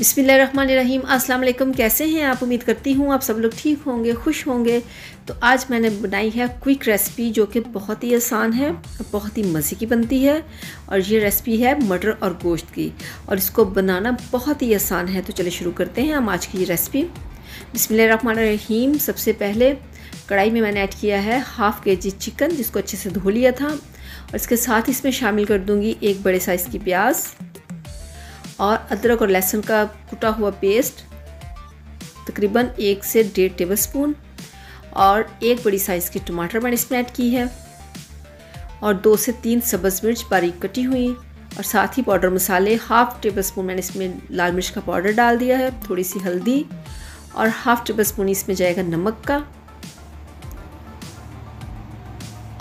बिसमीम अस्सलाम वालेकुम कैसे हैं आप उम्मीद करती हूँ आप सब लोग ठीक होंगे खुश होंगे तो आज मैंने बनाई है क्विक रेसिपी जो कि बहुत ही आसान है बहुत ही मज़े की बनती है और ये रेसिपी है मटर और गोश्त की और इसको बनाना बहुत ही आसान है तो चलिए शुरू करते हैं हम आज की ये रेसिपी बिसमीम सबसे पहले कढ़ाई में मैंने ऐड किया है हाफ़ के जी चिकन जिसको अच्छे से धो लिया था और इसके साथ इसमें शामिल कर दूँगी एक बड़े साइज़ की प्याज़ और अदरक और लहसुन का कुटा हुआ पेस्ट तकरीबन एक से डेढ़ टेबल स्पून और एक बड़ी साइज़ की टमाटर मैंने इसमें ऐड की है और दो से तीन सब्ज़ मिर्च बारीक कटी हुई और साथ ही पाउडर मसाले हाफ़ टेबल स्पून मैंने इसमें लाल मिर्च का पाउडर डाल दिया है थोड़ी सी हल्दी और हाफ़ टेबल स्पून इसमें जाएगा नमक का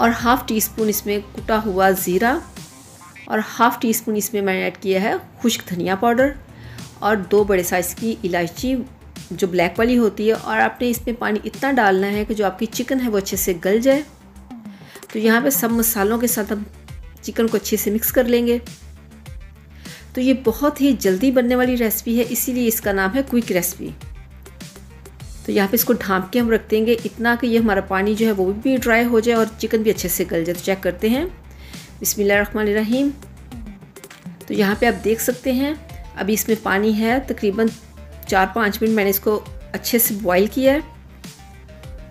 और हाफ़ टी स्पून इसमें कुटा हुआ ज़ीरा और हाफ़ टी स्पून इसमें मैंने ऐड किया है खुश्क धनिया पाउडर और दो बड़े साइज़ की इलायची जो ब्लैक वाली होती है और आपने इसमें पानी इतना डालना है कि जो आपकी चिकन है वो अच्छे से गल जाए तो यहाँ पे सब मसालों के साथ हम चिकन को अच्छे से मिक्स कर लेंगे तो ये बहुत ही जल्दी बनने वाली रेसिपी है इसीलिए इसका नाम है क्विक रेसिपी तो यहाँ पे इसको ढाँप के हम रख देंगे इतना कि ये हमारा पानी जो है वो भी ड्राई हो जाए और चिकन भी अच्छे से गल जाए तो चेक करते हैं बिसमीम तो यहाँ पे आप देख सकते हैं अभी इसमें पानी है तकरीबन चार पाँच मिनट मैंने इसको अच्छे से बॉईल किया है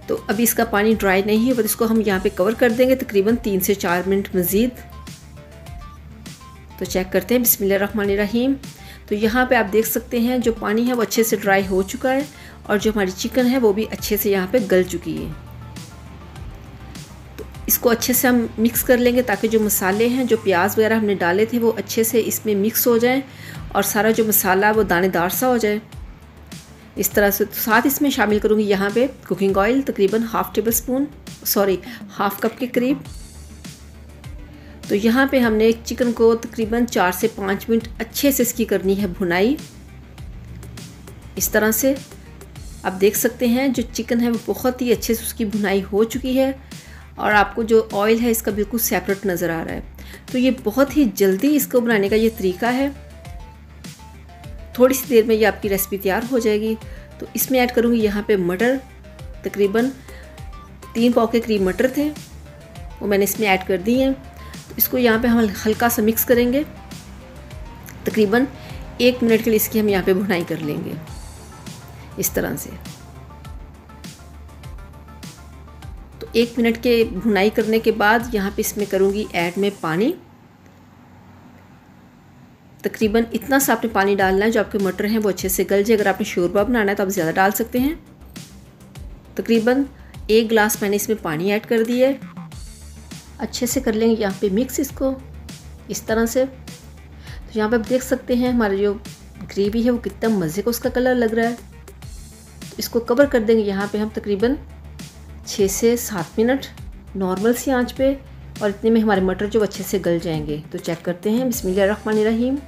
तो अभी इसका पानी ड्राई नहीं है बट इसको हम यहाँ पे कवर कर देंगे तकरीबन तीन से चार मिनट मज़ीद तो चेक करते हैं बिसमीम तो यहाँ पे आप देख सकते हैं जो पानी है वो अच्छे से ड्राई हो चुका है और जो हमारी चिकन है वो भी अच्छे से यहाँ पर गल चुकी है इसको अच्छे से हम मिक्स कर लेंगे ताकि जो मसाले हैं जो प्याज वगैरह हमने डाले थे वो अच्छे से इसमें मिक्स हो जाएं और सारा जो मसाला वो दानेदार सा हो जाए इस तरह से तो साथ इसमें शामिल करूँगी यहाँ पे कुकिंग ऑयल तकरीबन half tablespoon sorry half cup के करीब तो यहाँ पे हमने चिकन को तकरीबन चार से पाँच मिनट अच्छे से इसकी करनी है भुनाई इस तरह से आप देख सकते हैं जो चिकन है वो बहुत ही अच्छे से उसकी भुनाई हो चुकी है और आपको जो ऑयल है इसका बिल्कुल सेपरेट नज़र आ रहा है तो ये बहुत ही जल्दी इसको बनाने का ये तरीका है थोड़ी सी देर में ये आपकी रेसिपी तैयार हो जाएगी तो इसमें ऐड करूँगी यहाँ पे मटर तकरीबन तीन पाव के करीब मटर थे वो मैंने इसमें ऐड कर दिए हैं तो इसको यहाँ पे हम हल्का सा मिक्स करेंगे तकरीबन एक मिनट के लिए इसकी हम यहाँ पे भुनाई कर लेंगे इस तरह से तो एक मिनट के भुनाई करने के बाद यहाँ पे इसमें करूँगी ऐड में पानी तकरीबन इतना सा आपने पानी डालना है जो आपके मटर हैं वो अच्छे से गल जाए अगर आपने शोरबा बनाना है तो आप ज़्यादा डाल सकते हैं तकरीबन एक गिलास मैंने इसमें पानी ऐड कर दिया है अच्छे से कर लेंगे यहाँ पे मिक्स इसको इस तरह से तो यहाँ पे आप देख सकते हैं हमारा जो ग्रेवी है वो कितना मज़े का उसका कलर लग रहा है तो इसको कवर कर देंगे यहाँ पे हम तकरीबन छः से सात मिनट नॉर्मल सी आंच पे और इतने में हमारे मटर जो अच्छे से गल जाएंगे तो चेक करते हैं रहीम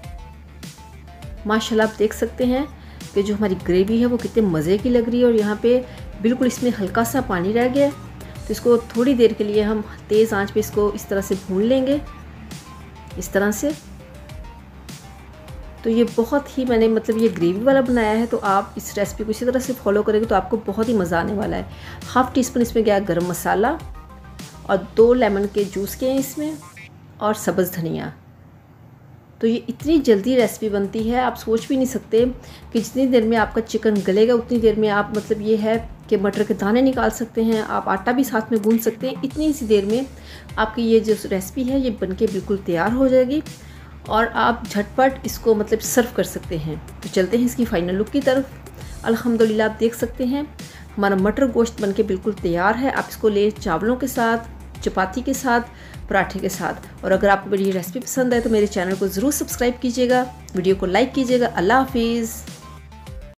माशाल्लाह आप देख सकते हैं कि जो हमारी ग्रेवी है वो कितने मज़े की लग रही है और यहाँ पे बिल्कुल इसमें हल्का सा पानी रह गया तो इसको थोड़ी देर के लिए हम तेज़ आँच पर इसको इस तरह से भून लेंगे इस तरह से तो ये बहुत ही मैंने मतलब ये ग्रेवी वाला बनाया है तो आप इस रेसिपी को इसी तरह से फॉलो करेंगे तो आपको बहुत ही मज़ा आने वाला है हाफ़ टी स्पून इसमें गया गर्म मसाला और दो लेमन के जूस के हैं इसमें और सब्ज़ धनिया तो ये इतनी जल्दी रेसिपी बनती है आप सोच भी नहीं सकते कि जितनी देर में आपका चिकन गलेगा उतनी देर में आप मतलब ये है कि मटर के दाने निकाल सकते हैं आप आटा भी साथ में गूंद सकते हैं इतनी सी देर में आपकी ये जो रेसिपी है ये बनके बिल्कुल तैयार हो जाएगी और आप झटपट इसको मतलब सर्व कर सकते हैं तो चलते हैं इसकी फाइनल लुक की तरफ अलहमदिल्ला आप देख सकते हैं हमारा मटर गोश्त बनके बिल्कुल तैयार है आप इसको ले चावलों के साथ चपाती के साथ पराठे के साथ और अगर आपको मेरी रेसिपी पसंद आए तो मेरे चैनल को ज़रूर सब्सक्राइब कीजिएगा वीडियो को लाइक कीजिएगा अल्लाह हाफिज़